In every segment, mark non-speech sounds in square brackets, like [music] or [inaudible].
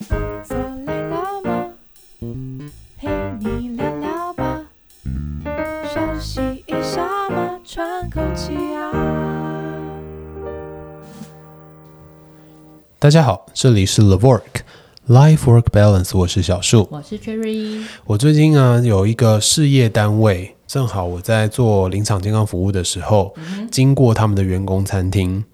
做累了嗎？陪你聊聊吧，休息一下喘口氣啊！大家好，這裡是 LIVORK Life Work Balance，我是小樹，我是 Cherry，我最近啊，有一個事業單位，正好我在做臨場健康服務的時候，經過他們的員工餐廳，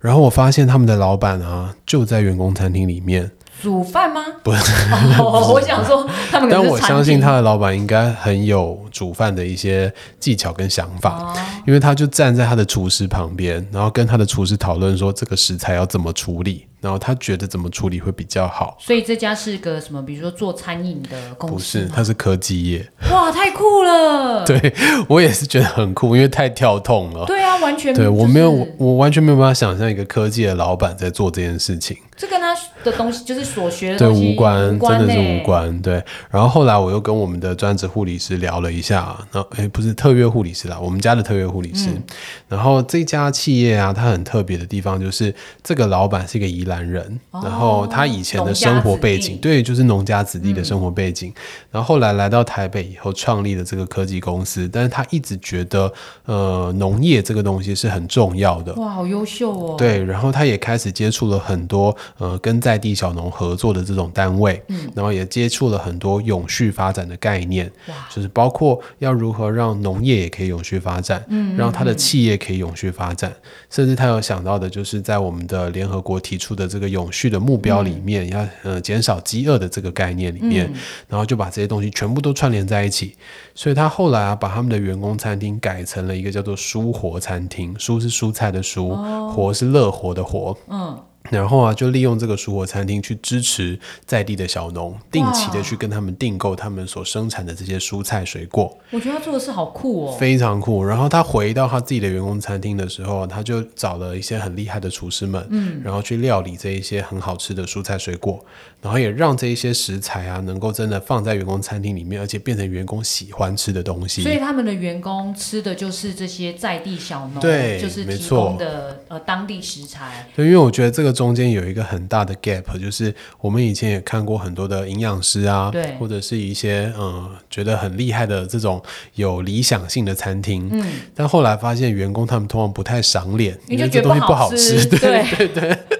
然後我發現他們的老闆啊，就在員工餐廳裡面。煮飯嗎？不是，哦、 [laughs] 不是，我想說他們，但我相信他的老闆應該很有煮飯的一些技巧跟想法，哦、因為他就站在他的廚師旁邊，然後跟他的廚師討論說這個食材要怎麼處理，然後他覺得怎麼處理會比較好。所以這家是個什麼？比如說做餐飲的公司？不是，他是科技業。哇，太酷了！對，我也是覺得很酷，因為太跳痛了。對啊，完全，就是，對我沒有，我完全沒有辦法想象一個科技的老闆在做這件事情。這跟，個，他。的東西就是所學的東西，對，無關，無關，真的是無關，對。對，然後後來我又跟我們的專職護理師聊了一下，那哎、欸，不是特約護理師啦，我們家的特約護理師、嗯。然後這家企業啊，它很特別的地方就是，這個老板是一個宜蘭人、哦，然後他以前的生活背景，對，就是農家子弟的生活背景、嗯。然後後來來到台北以後，創立了這個科技公司，但是他一直覺得，呃，農業這個東西是很重要的。哇，好優秀哦。對，然後他也開始接觸了很多，呃，跟在在地小農合作的這種單位、嗯，然後也接觸了很多永續發展的概念，就是包括要如何讓農業也可以永續發展，嗯，嗯，嗯，讓他的企業可以永續發展，甚至他有想到的，就是在我們的聯合國提出的這個永續的目標裡面，要、嗯、呃減少飢餓的這個概念裡面、嗯，然後就把這些東西全部都串聯在一起。所以他後來啊，把他們的員工餐廳改成了一個叫做“蔬活餐廳”，蔬是蔬菜的蔬、哦，活是樂活的活，嗯。然後啊，就利用這個蔬果餐廳去支持在地的小農，定期的去跟他們訂購他們所生產的這些蔬菜水果。我覺得他做的事好酷哦，非常酷。然後他回到他自己的員工餐廳的時候，他就找了一些很厲害的廚師們，嗯，然後去料理這一些很好吃的蔬菜水果，然後也讓這一些食材啊，能夠真的放在員工餐廳裡面，而且變成員工喜歡吃的東西。所以他們的員工吃的就是這些在地小農，對，就是提供的，沒錯，呃，當地食材。對，因為我覺得這個。中間有一個很大的 gap，就是我們以前也看過很多的營養師啊，對，或者是一些嗯，覺得很厲害的這種有理想性的餐廳，嗯，但後來發現員工他們通常不太賞臉，你就覺得這東西不好吃，對對對。對對 [laughs]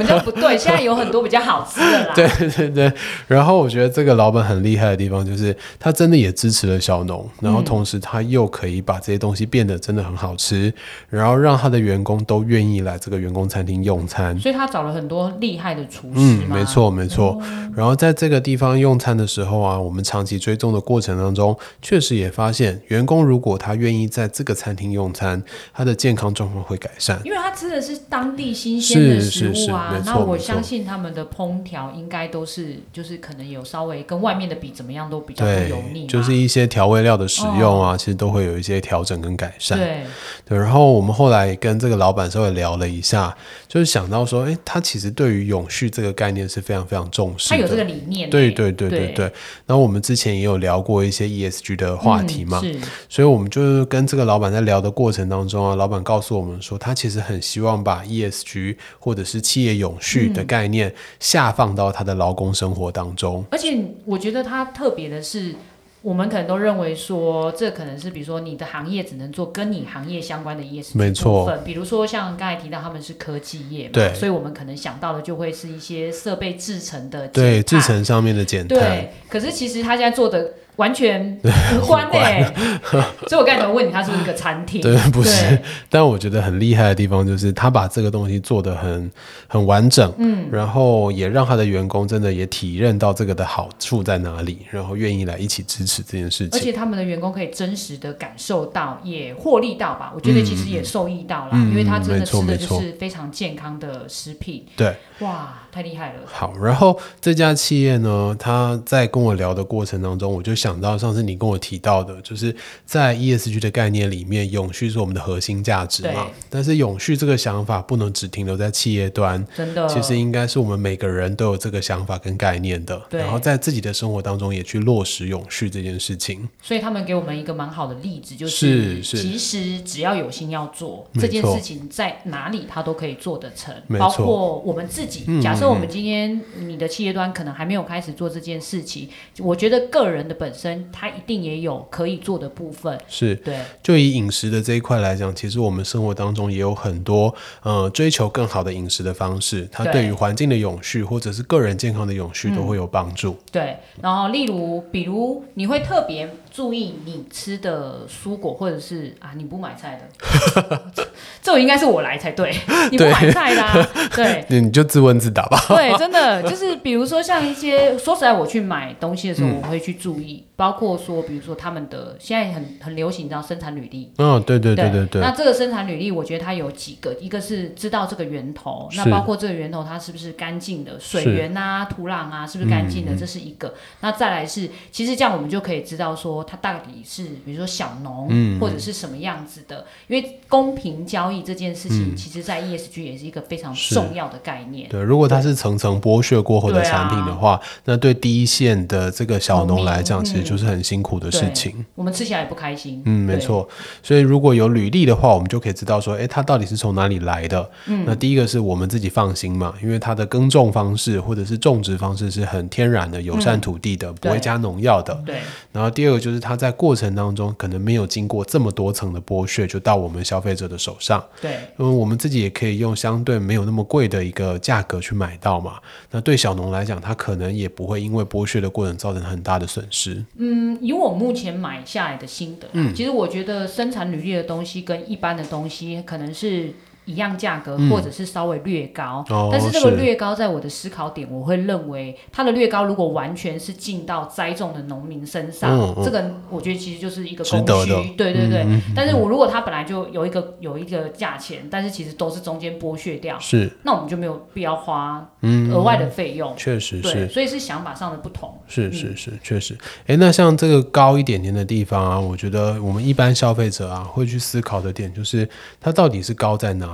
[laughs] 不對，現在有很多比較好吃的啦。 [laughs] 對對對，然後我覺得這個老闆很厲害的地方就是，他真的也支持了小農，然後同時他又可以把這些東西變得真的很好吃，然後讓他的員工都願意來這個員工餐廳用餐。所以他找了很多厲害的廚師。嗯，沒錯沒錯。然後在這個地方用餐的時候啊，我們長期追蹤的過程當中，確實也發現，員工如果他願意在這個餐廳用餐，他的健康狀況會改善，因為他吃的是當地新鮮的食物是、啊。啊、那我相信他們的烹調應該都是，就是可能有稍微跟外面的比怎麼樣都比較不油膩，就是一些調味料的使用啊、哦，其實都會有一些調整跟改善。對，對然後我們後來跟這個老闆稍微聊了一下，就是想到說，哎、欸，他其實對於永續這個概念是非常非常重視，他有這個理念、欸。對對對對對。那我們之前也有聊過一些 ESG 的話題嘛，嗯、是。所以我們就是跟這個老闆在聊的過程當中啊，老闆告訴我們說，他其實很希望把 ESG 或者是企業永續的概念、嗯、下放到他的勞工生活當中，而且我覺得他特別的是，我們可能都認為說，這可能是比如說你的行業只能做跟你行業相關的一些事情。沒錯。比如說像剛才提到他們是科技業嘛，對，所以我們可能想到的就會是一些設備製程的，對，製程上面的減碳。對，可是其實他現在做的。完全無關、欸、 [laughs] 所以我剛才才問你，它是不是一個餐廳？ [laughs] 對，不是。但我覺得很厲害的地方就是，他把這個東西做的很很完整，嗯，然後也讓他的員工真的也體認到這個的好處在哪裡，然後願意來一起支持這件事情。而且他們的員工可以真實的感受到，也獲利到吧？我覺得其實也受益到了，嗯，因為他真的吃的就是非常健康的食品。對，嗯嗯，哇。太厲害了。好，然後這家企業呢，他在跟我聊的過程當中，我就想到上次你跟我提到的，就是在 ESG 的概念裡面，永續是我們的核心價值嘛。但是永續這個想法不能只停留在企業端，真的。其實應該是我們每個人都有這個想法跟概念的。對。然後在自己的生活當中也去落實永續這件事情。所以他們給我們一個蠻好的例子，就是，是是。其實只要有心要做，這件事情在哪裡他都可以做得成。沒錯，包括我們自己，嗯，假設，嗯。因為我們今天，你的企業端可能還沒有開始做這件事情。嗯，我覺得個人的本身，他一定也有可以做的部分。是對。就以飲食的這一塊來講，其實我們生活當中也有很多，呃，追求更好的飲食的方式，它對於環境的永續或者是個人健康的永續，嗯，都會有幫助。嗯，對。然後，例如，比如你會特別。注意你吃的蔬果，或者是啊，你不買菜的， [laughs] 這這應該是我來才對。你不買菜啦、啊，對，你就自問自答吧。對，真的就是，比如說像一些， [laughs] 說實在，我去買東西的時候、嗯，我會去注意，包括說，比如說他們的現在很很流行，這樣生產履歷。嗯、哦，對對對對對，對。那這個生產履歷，我覺得它有幾個，一個是知道這個源頭，那包括這個源頭它是不是乾淨的，水源啊、土壤啊是不是乾淨的，是這是一個、嗯。那再來是，其實這樣我們就可以知道說。它到底是比如說小農、嗯、或者是什麼樣子的？因為公平交易這件事情，嗯、其實，在 ESG 也是一個非常重要的概念。對，如果它是層層剝削過後的產品的話，對啊、那對第一線的這個小農、農來講，其實就是很辛苦的事情。嗯、我們吃起來也不開心。嗯，沒錯。所以如果有履歷的話，我們就可以知道說，哎，它到底是從哪裡來的？嗯，那第一個是我們自己放心嘛，因為它的耕種方式或者是種植方式是很天然的、友善土地的、嗯，不會加農藥的。對。對，然後第二個就是。它在過程當中可能沒有經過這麼多層的剝削，就到我們消費者的手上。對，因為我們自己也可以用相對沒有那麼貴的一個價格去買到嘛。那對小農來講，它可能也不會因為剝削的過程造成很大的損失。嗯，以我目前買下來的心得，嗯，其實我覺得生產履歷的東西跟一般的東西可能是。一樣價格，或者是稍微略高，嗯、但是這個略高，在我的思考點，我會認為它的略高，如果完全是進到栽種的農民身上、嗯，這個我覺得其實就是一個供需，的對對對、嗯。但是我如果它本來就有一個有一個價錢、嗯，但是其實都是中間剝削掉，是、嗯、那我們就沒有必要花額外的費用，確、嗯嗯、實是對，所以是想法上的不同。是是、嗯、是，確實。哎、欸，那像這個高一點點的地方啊，我覺得我們一般消費者啊，會去思考的點就是它到底是高在哪？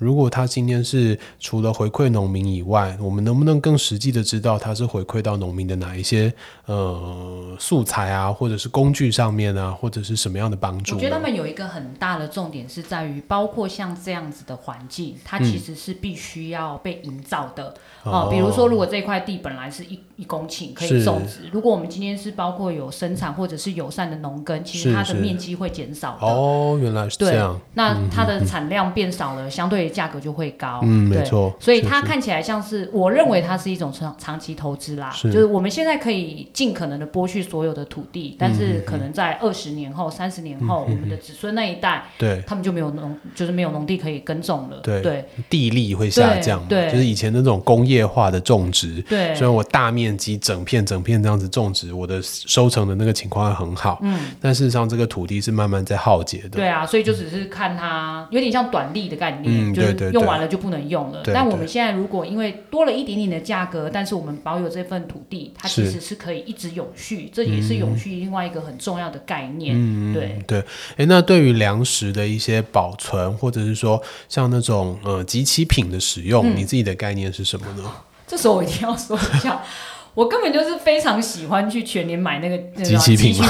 如果他今天是除了回饋農民以外，我們能不能更實際的知道他是回饋到農民的哪一些呃素材啊，或者是工具上面啊，或者是什麼樣的幫助、啊？我覺得他們有一個很大的重點是在於，包括像這樣子的環境，它其實是必須要被營造的、嗯啊、哦，比如說，如果這塊地本來是一一公頃可以種植，如果我們今天是包括有生產或者是友善的農耕，其實它的面積會減少是是。哦，原來是這樣。嗯嗯嗯，那它的產量變少了，相對。價格就會高，嗯，沒錯，所以它看起來像是，是，是我認為它是一種長長期投資啦是，就是我們現在可以盡可能的剝去所有的土地，嗯、但是可能在二十年後、三十年後、嗯，我們的子孫那一代，對，他們就沒有農，就是沒有農地可以耕種了，對，對地力會下降，對，就是以前那種工業化的種植，對，雖然我大面積整片整片這樣子種植，我的收成的那個情況會很好，嗯，但事實上這個土地是慢慢在耗竭的，對啊，所以就只是看它、嗯、有點像短利的概念，嗯。對對對，用完了就不能用了對對對。但我們現在如果因為多了一點點的價格對對對，但是我們保有這份土地，它其實是可以一直永續。這也是永續另外一個很重要的概念。對、嗯、對，哎、欸，那對於糧食的一些保存，或者是說像那種呃即期品的使用、嗯，你自己的概念是什麼呢？這時候我一定要說一下， [laughs] 我根本就是非常喜歡去全年買那個即期品，品。 [laughs]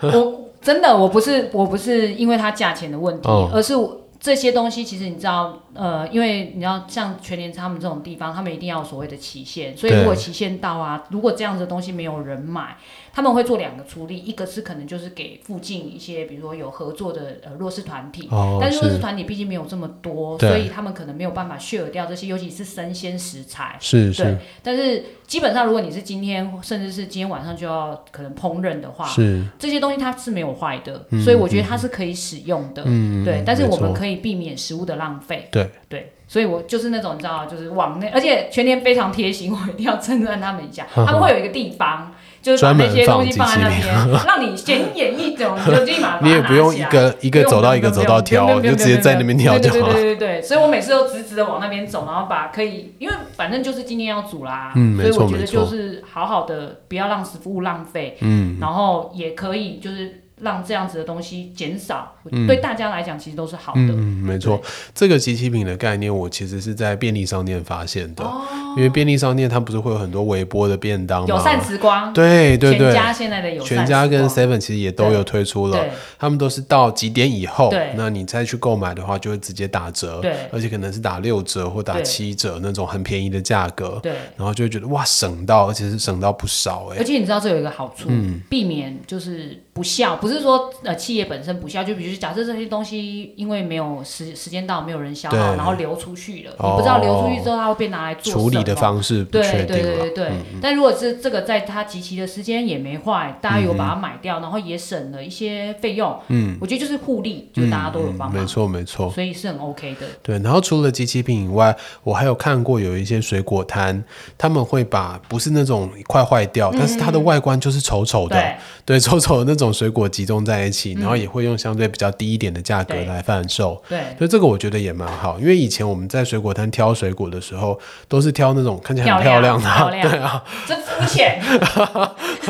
我真的我不是我不是因為它價錢的問題，嗯、而是我。這些東西其實你知道，呃，因為你要像全聯他們這種地方，他們一定要有所謂的期限，所以如果期限到啊，如果這樣子的東西沒有人買。他們會做兩個處理，一個是可能就是給附近一些，比如說有合作的呃弱勢團體、哦，但是弱勢團體畢竟沒有這麼多，所以他們可能沒有辦法削掉這些，尤其是生鮮食材。是對是。但是基本上，如果你是今天，甚至是今天晚上就要可能烹飪的話是，這些東西它是沒有壞的、嗯，所以我覺得它是可以使用的、嗯。對。但是我們可以避免食物的浪費、嗯。對,對所以我就是那種你知道，就是往內，而且全年非常貼心，我一定要稱讚他們一下呵呵。他們會有一個地方。就專、是、門那些東西放在那邊， [laughs] 讓你顯眼一點，就立馬把它拿起來。你也不用一個 [laughs] 一個走到一個走道挑，你 [laughs] 就直接在那邊挑就好了。對對對對對。所以我每次都直直的往那邊走，然後把可以，因為反正就是今天要煮啦，嗯，沒錯沒錯。就是好好的，不要讓食物浪費。嗯。然後也可以就是。讓這樣子的東西減少，嗯、對大家來講其實都是好的。嗯，嗯沒錯，這個即期品的概念，我其實是在便利商店發現的。哦，因為便利商店它不是會有很多微波的便當嗎？友善時光，對對對，全家現在的友善時光，全家跟 Seven 其實也都有推出了，他們都是到幾點以後，對，那你再去購買的話就會直接打折，對，而且可能是打六折或打七折那種很便宜的價格，對，然後就會覺得哇，省到而且是省到不少哎、欸。而且你知道這有一個好處，嗯、避免就是。不效不是說，呃、企業本身不效，就比如說假設這些東西因為沒有時時間到，沒有人消耗，然後流出去了，哦，你不知道流出去之後它會被拿來做，哦、處理的方式不確定了，對對對對對。嗯嗯，但如果是這個在它即期的時間也沒壞，大家有把它買掉，然後也省了一些費用。嗯，嗯，我覺得就是互利，就是，大家都有幫助，嗯嗯嗯。沒錯沒錯。所以是很 OK 的。對，然後除了即期品以外，我還有看過有一些水果攤，他們會把不是那種快壞掉，但是它的外觀就是醜醜的，嗯嗯對，對醜醜的那種。水果集中在一起，然後也會用相對比較低一點的價格來販售。嗯，對。對，所以這個我覺得也蠻好，因為以前我們在水果攤挑水果的時候，都是挑那種看起來很漂亮的，啊，對啊，這膚淺，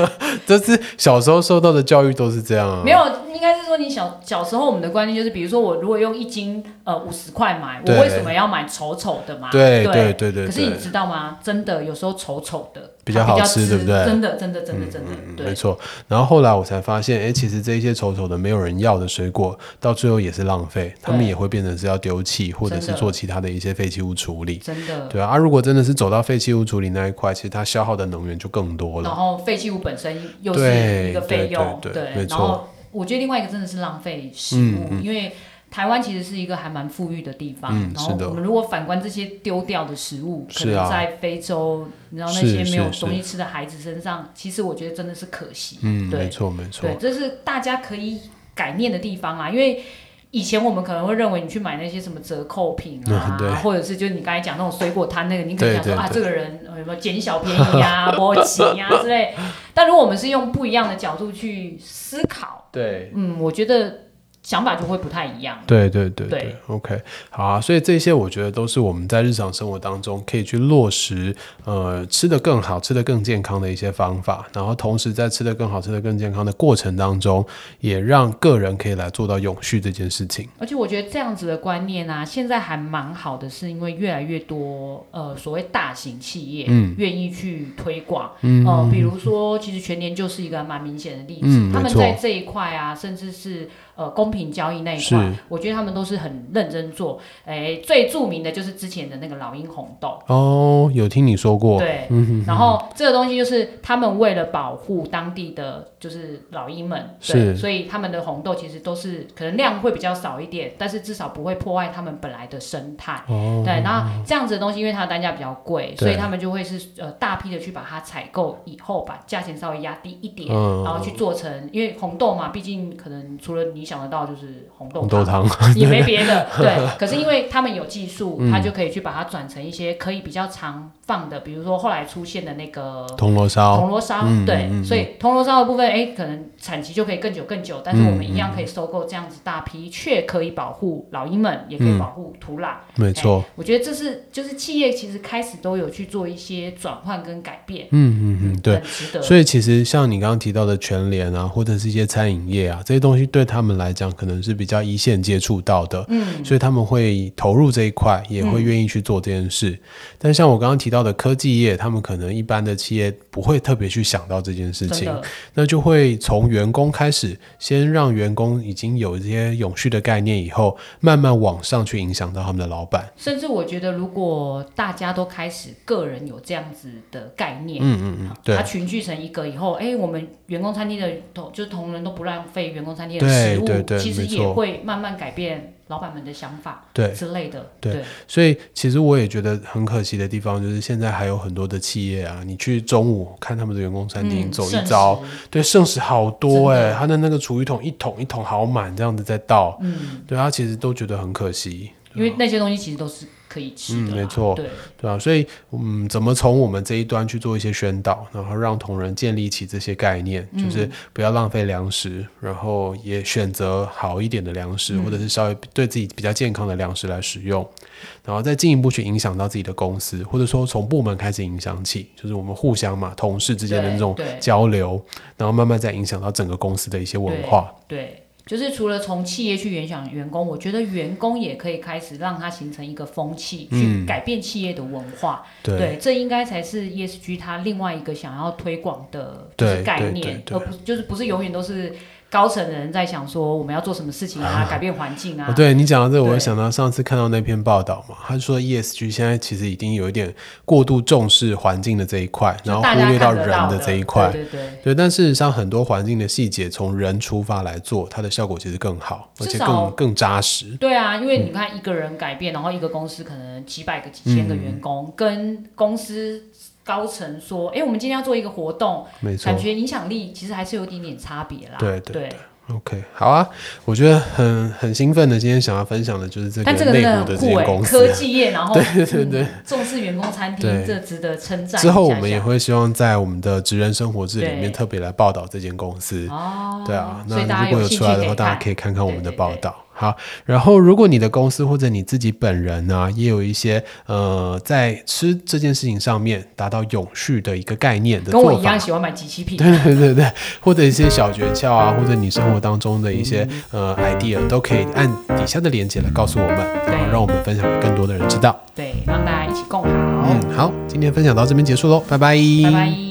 [laughs] [laughs] 這是小時候受到的教育都是這樣啊，沒有。應該是說你小小時候，我們的觀念就是，比如說我如果用一斤呃五十塊買，我為什麼要買醜醜的嘛？對對對對。可是你知道嗎？真的有時候醜醜的比較好吃，比較吃，對不對？真的真的真的真的。真的嗯真的嗯、沒錯。然後後來我才發現，哎、欸，其實這一些醜醜的沒有人要的水果，到最後也是浪費，他們也會變成是要丟棄，或者是做其他的一些廢棄物處理。真的。對啊，啊如果真的是走到廢棄物處理那一塊，其實它消耗的能源就更多了。然後廢棄物本身又是一個費用。對，對對對對對沒錯。我覺得另外一個真的是浪費食物。嗯，因為台灣其實是一個還蠻富裕的地方，嗯、然後我們如果反觀這些丟掉的食物，嗯、可能在非洲，然後、啊、那些沒有東西吃的孩子身上，其實我覺得真的是可惜。嗯，對，沒錯沒錯，這是大家可以改念的地方啊，因為。以前我們可能會認為你去買那些什麼折扣品啊，嗯、對啊，或者是就你剛才講那種水果攤那個，你可能想說對對對啊，這個人有沒有撿小便宜啊波及呀，之類。但如果我們是用不一樣的角度去思考，對，嗯，我覺得。想法就會不太一樣。對對對對，對，OK，好啊。所以這些我覺得都是我們在日常生活當中可以去落實，呃，吃得更好，吃得更健康的一些方法。然後同時在吃得更好、吃得更健康的過程當中，也讓個人可以來做到永續這件事情。而且我覺得這樣子的觀念啊，現在還蠻好的，是因為越來越多呃所謂大型企業嗯願意去推廣嗯、呃，比如說其實全年就是一個蠻明顯的例子，嗯，他們在這一塊啊，甚至是。呃，公平交易那一塊，我覺得他們都是很認真做。哎、欸，最著名的就是之前的那個老鷹紅豆。哦，有聽你說過。對、嗯哼哼，然後這個東西就是他們為了保護當地的就是老鷹們，對。所以他們的紅豆其實都是可能量會比較少一點，但是至少不會破壞他們本來的生態、哦。對，然後這樣子的東西，因為它的單價比較貴，所以他們就會是呃大批的去把它採購以後，把價錢稍微壓低一點、哦，然後去做成。因為紅豆嘛，畢竟可能除了你。想得到，就是紅豆湯，也沒別的。對，對，對，對， [laughs] 對，可是因為他們有技術， [laughs] 他就可以去把它轉成一些可以比較長。放的，比如說後來出現的那個銅鑼燒，銅鑼燒，銅鑼燒、嗯，對，嗯、所以銅鑼燒的部分，哎，可能產期就可以更久更久、嗯，但是我們一樣可以收購這樣子大批，嗯嗯、卻可以保護老鷹們，也可以保護土壤、嗯，沒錯。我覺得這是就是企業其實開始都有去做一些轉換跟改變，嗯嗯嗯，對的，所以其實像你剛剛提到的全聯啊，或者是一些餐飲業啊，這些東西對他們來講可能是比較一線接觸到的，嗯，所以他們會投入這一塊，也會願意去做這件事。嗯、但像我剛剛提到。的科技業，他們可能一般的企業不會特別去想到這件事情，那就會從員工開始，先讓員工已經有這些永續的概念，以後慢慢往上去影響到他們的老闆。甚至我覺得，如果大家都開始個人有這樣子的概念，嗯嗯嗯，對，他群聚成一個以後，哎、欸，我們員工餐廳的同就同仁都不浪費員工餐廳的食物，對對對，其實也會慢慢改變。老闆們的想法，對之類的對對，對，所以其實我也覺得很可惜的地方，就是現在還有很多的企業啊，你去中午看他們的員工餐廳走一遭，嗯、剩食對，剩食好多誒、欸，他的，的那個廚餘桶，桶一桶一桶好滿，這樣子在倒，嗯，對，他其實都覺得很可惜，因為那些東西其實都是。啊、嗯，沒錯對，對啊，所以，嗯，怎麼從我們這一端去做一些宣導，然後讓同仁建立起這些概念，嗯，就是不要浪費糧食，然後也選擇好一點的糧食，嗯，或者是稍微對自己比較健康的糧食來使用，嗯，然後再進一步去影響到自己的公司，或者說從部門開始影響起，就是我們互相嘛，同事之間的那種交流，然後慢慢再影響到整個公司的一些文化，對。對就是除了從企業去影響員工，我覺得員工也可以開始讓他形成一個風氣，去改變企業的文化。嗯、對，對，這應該才是 ESG 它另外一個想要推廣的一個概念，而不就是不是永遠都是。高層的人在想說，我們要做什麼事情啊？啊改變環境啊？啊對，你講到這個，我想到上次看到那篇報道嘛，他說 ESG 現在其實已經有一點過度重視環境的這一塊，然後忽略到人的這一塊。對、對對對。對，但事實上，很多環境的細節從人出發來做，它的效果其實更好，而且更更扎實。對啊，因為你看一個人改變，然後一個公司可能幾百個、幾千個員工、嗯、跟公司。高層說：“哎、欸，我們今天要做一個活動，沒錯，感覺影響力其實還是有點點差別啦。”對對對，對，OK，好啊，我覺得很很興奮的，今天想要分享的就是這個內部的這間公司，欸，科技業，然後對對對，嗯，重視員工餐廳，這值得稱讚。之後我們也會希望在我們的《職人生活誌》裡面特別來報道這間公司。哦，對啊，那如果有出來的話，大家可以看看我們的報道對對對對好，然後如果你的公司或者你自己本人呢、啊，也有一些呃，在吃這件事情上面達到永續的一個概念的做法，跟我一樣喜歡買有機品，對對對對，或者一些小訣竅啊，或者你生活當中的一些、嗯、呃 idea 都可以按底下的鏈接來告訴我們，然後讓我們分享給更多的人知道，對，讓大家一起共好。嗯，好，今天分享到這邊結束嘍，拜拜，拜拜。